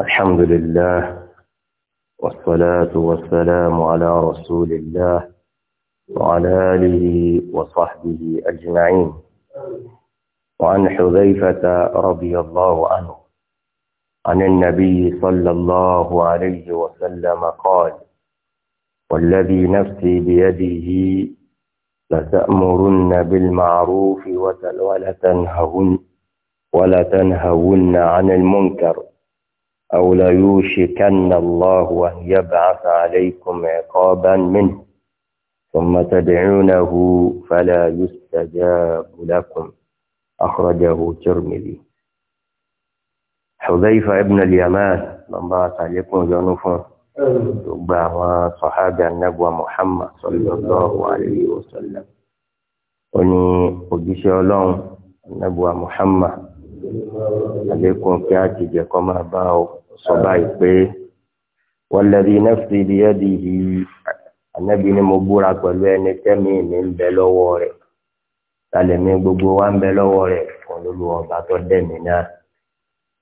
الحمد لله والصلاة والسلام على رسول الله وعلى آله وصحبه أجمعين وعن حذيفة رضي الله عنه عن النبي صلى الله عليه وسلم قال والذي نفسي بيده لتأمرن بالمعروف ولتنهون ولتنهون عن المنكر أو ليوشكن الله أن يبعث عليكم عقابا منه ثم تدعونه فلا يستجاب لكم أخرجه ترمذي حذيفة ابن اليمان من بعث عليكم جنوفا تبع صحابة النبوة محمد صلى الله عليه وسلم وني قدس الله النبوة محمد عليكم كاتب كما باو sọ báyìí pé wọlẹ́bí nẹ́fì bíyẹ́dì yìí ànábì ni mo búra pẹ̀lú ẹni tẹ́mi mi ń bẹ lọ́wọ́ rẹ̀ tàlẹ́mí gbogbo wa ń bẹ lọ́wọ́ rẹ̀ fún lólu ọba tó dẹ̀mí náà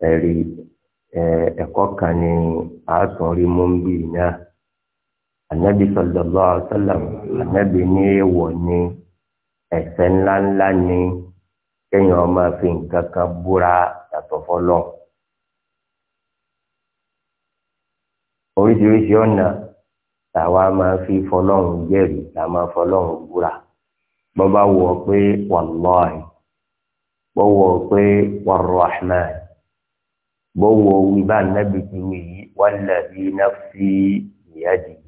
ẹ̀rí ẹ̀kọ́ kan ní àásùnrí mọ́ńbì náà ànábì sallallahu alaihi wasallam ní èèwọ̀ ní ẹ̀ṣẹ̀ ńláńlá ní kéèyàn máa fi nǹkan kan búra yàtọ̀ fọlọ́ọ̀. oríṣiríṣi ọ̀nà làwa máa fi fọlọ́run jẹ́rìí la máa fọlọ́run búra bọ́bá wọ pé wàlláhi bọ́wọ́ pé wàrrahman bọ́wọ́ wí bá nábì ti wí yìí wàlàbí náfì ìyádìí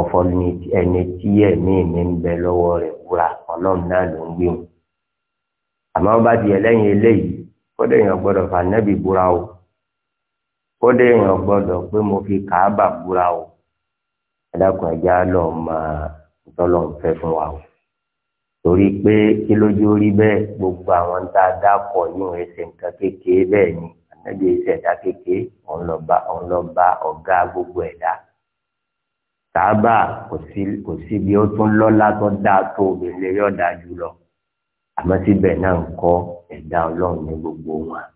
ọ̀fọ̀ ẹni tí ẹ̀mí mi ń bẹ lọ́wọ́ rẹ̀ búra ọlọ́run náà ló ń gbé wọn àmọ́ bá ti ẹlẹ́yin eléyìí kọ́dọ̀ èèyàn gbọ́dọ̀ fà nábì búra o kódé èèyàn gbọ́dọ̀ pé mo fi kàábà búra o ẹdákun ẹjá lọ máa tọlọ ń fẹ́ fún wa o torí pé kí lójú rí bẹ́ẹ̀ gbogbo àwọn tá a dákọ yóò ẹsẹ nǹkan kékeré bẹ́ẹ̀ ni ànábì ẹsẹ ẹ̀dá kékeré òun lọ bá òun lọ bá ọ̀gá gbogbo ẹ̀dá kàábà kò sí kò sí bí ó tún lọ́lá tó dáa tó obìnrin yọ̀ọ̀dá jùlọ àmọ́ síbẹ̀ náà ń kọ́ ẹ̀dá ọlọ́run ní gbogbo wọn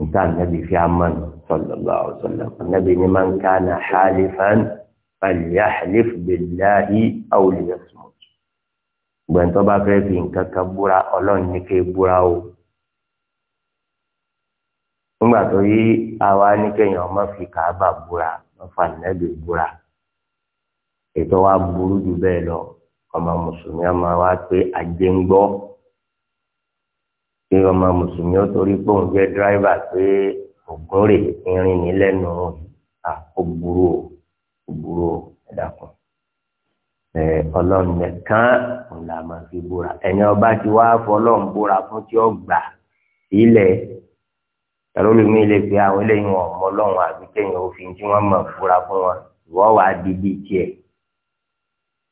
níta nàbì fi amán sallallahu alaihi wasallam nàbì ni man kana halifan falyahlif billahi aw liyasmut gbẹ̀ntọ́ bá fẹ́ fi nǹkan kan búra ọlọ́run ní kí búra o nígbà tó yí àwa ní kéèyàn má fi kàábà búra má fa nàbì ètò wa burú jù bẹ́ẹ̀ lọ ọmọ mùsùlùmí ọmọ wa pé ajé pé ọmọ mùsùlùmí ó torí pé òun jẹ́ dírẹ́fà pé ògùn rè irin ní lẹ́nu à ó burú o ó burú o ẹ dákun ẹ ọlọ́run nìkan òun là máa fi búra ẹ̀yin ọba ti wá fọlọ́run búra fún tí ó gbà sílẹ̀ ẹ̀rọ lómi lè pe àwọn eléyìí wọn ọmọ ọlọ́run àbí kẹ́yìn òfin tí wọ́n mọ̀ fúra fún wọn ìwọ́ wàá di bíi tiẹ̀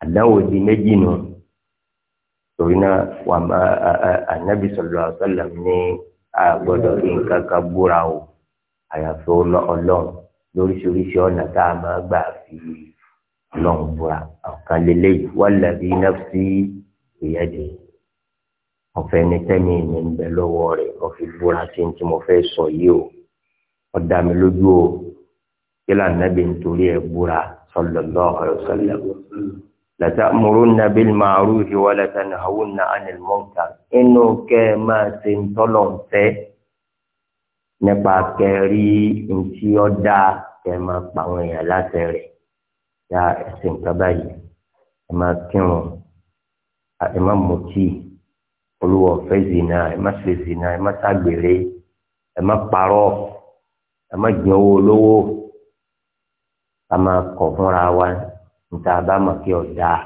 àdánwò di méjì nù. No torí náà wà má ànábì sallallahu alaihi wasallam ní àgbọ́dọ̀ fi nǹkan kan búra o àyàfi ọlọ́run lóríṣiríṣi ọ̀nà tá a máa gbà fi ọlọ́run búra ọ̀kan lélẹ́yìí wallazi nafsi ìyẹ́dì ọ̀fẹ́ ní tẹ́mi ìní ń bẹ lọ́wọ́ rẹ̀ ọ̀fi búra sí ní tí mo fẹ́ sọ yìí o ọ̀dà mi lójú o kí lànà bí nítorí ẹ̀ búra sallallahu alaihi wasallam. لتأمرن بالمعروف ولتنهون عن المنكر inú kẹ́ máa ṣe ń tọ́lọ̀ ń fẹ́ nípa kẹrí ntí ọ dáa kẹ máa pa àwọn èèyàn láti rẹ̀ ya ẹsẹ̀ nǹkan báyìí ẹ máa kírun ẹ má mutí olúwa ọ̀fẹ́ zina ẹ má ṣe zina ẹ má ṣàgbèrè ẹ má parọ́ ẹ má jẹ owó olówó a máa kọ̀ fúnra wa níta bá mọ̀ kí ọ dáa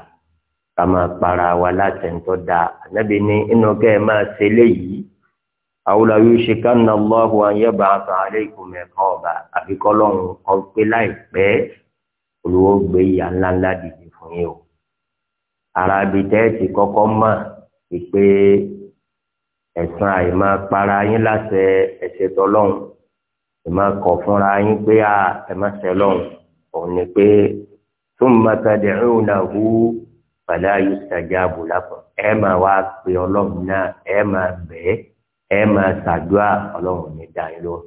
ká máa para wa láti ń tọ́ dáa ànábì ní inú kẹ́ ẹ máa ṣe léyìí àwòlá yóò ṣe ká nà lọ́hùn ayébà àtàn aleikum ẹ̀kan ọ̀bà àbíkọ́lọ́hún ọ̀pẹ láìpẹ́ olùwọ́ gbé ìyá ńláńlá dìde fún yín o ara abìtẹ́ ti kọ́kọ́ mọ̀ pé ẹ̀sán àìmọ́ para yín láṣẹ ẹ̀ṣẹ̀ tọ́lọ́hún ìmọ̀ kọ̀ fúnra yín pé ẹ̀mọ́ṣẹ́ lọ́hùn òun ni pé thumma tad'unahu fala yustajabu lakum ẹ máa wá pe ọlọ́run náà ẹ máa bẹ̀ ẹ́ ẹ máa ṣàdúrà ọlọ́run ní dáìlọ́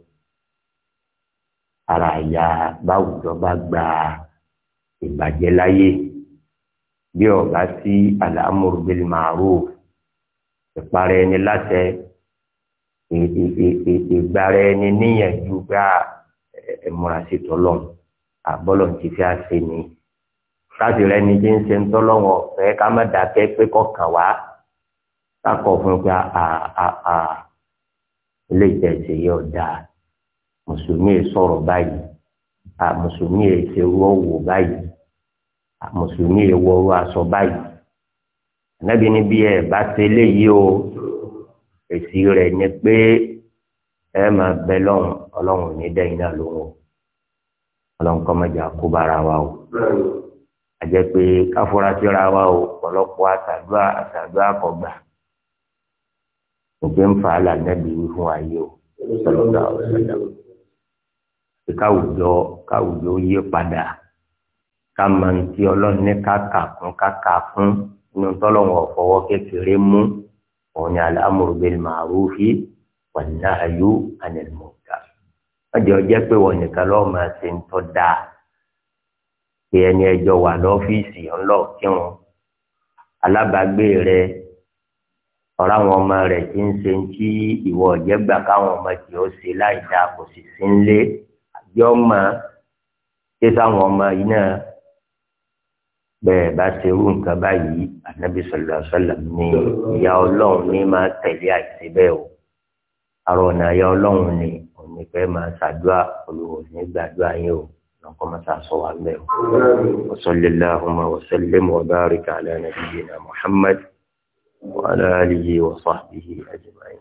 ara ìyá báwùjọ bá gba ìbàjẹ́ láyé bí ọba sí al-amru bil ìparẹ́ ẹni láṣẹ ìgbàra ẹni níyànjú gbà ẹ̀múrasìtọ́lọ́n àbọ́lọ̀ ti fi àṣẹ ni káàsì rẹ ni kí n ṣe ń tọ́lọ́wọ́ ọ̀fẹ́ ká má dàkẹ́ pé kọkàn wá kákọ̀ fún pé àà ilé ìtẹ̀sí yóò dáa mùsùlùmí sọ̀rọ̀ báyìí à mùsùlùmí ṣe wọ́ wò báyìí à mùsùlùmí wọ́ wọ́ aṣọ báyìí ànábi ní bí ẹ bá ṣe léyìí o èsì rẹ̀ ni pé ẹ máa bẹ lọ́run ọlọ́run ní dẹ́yìn náà lóhùn ọlọ́run kọ́ mọ́jà kó bára wa o àjẹ́ pé káfúrásíra wa ò pọ̀lọpọ̀ àtàdúrà àtàdúrà kọgbà òkè ń fa alànàbí wí fún ayé o sọlọ́dà ọ̀sọ̀dà pé káwùjọ káwùjọ yé padà ká mọ ní tí ọlọ́run ní káka kún káka kún inú tọ́lọ́wọ̀n ọ̀fọwọ́ kékeré mú òun ni al-amru bil ma'rufi wan-nahyu anil munkar. wọ́n jẹ́ ọjẹ́ pé wọ́n nìkan lọ́ọ́ máa ṣe ń tọ́ dáa pé ẹni ẹjọ wà lọ́fíìsì ńlọ kírun alábàágbé rẹ ọ̀rọ̀ àwọn ọmọ rẹ̀ ti ń ṣe tí ìwọ ọ̀jẹ́ gbà káwọn ọmọ tí ó ṣe láì da kò sì sí ńlé àbí ọmọ ṣé sáwọn ọmọ yìí náà bẹ́ẹ̀ bá ṣe irú nǹkan báyìí ànábì sallallahu alaihi ní ìyá ọlọ́run ní máa tẹ̀lé àìsí bẹ́ẹ̀ o àrò ọ̀nà ìyá ọlọ́run ni òun ní máa ṣàdúrà olùwòsàn gbàdúrà yín o. نقوم تعصوا وصل اللهم وسلم وبارك على نبينا محمد وعلى آله وصحبه أجمعين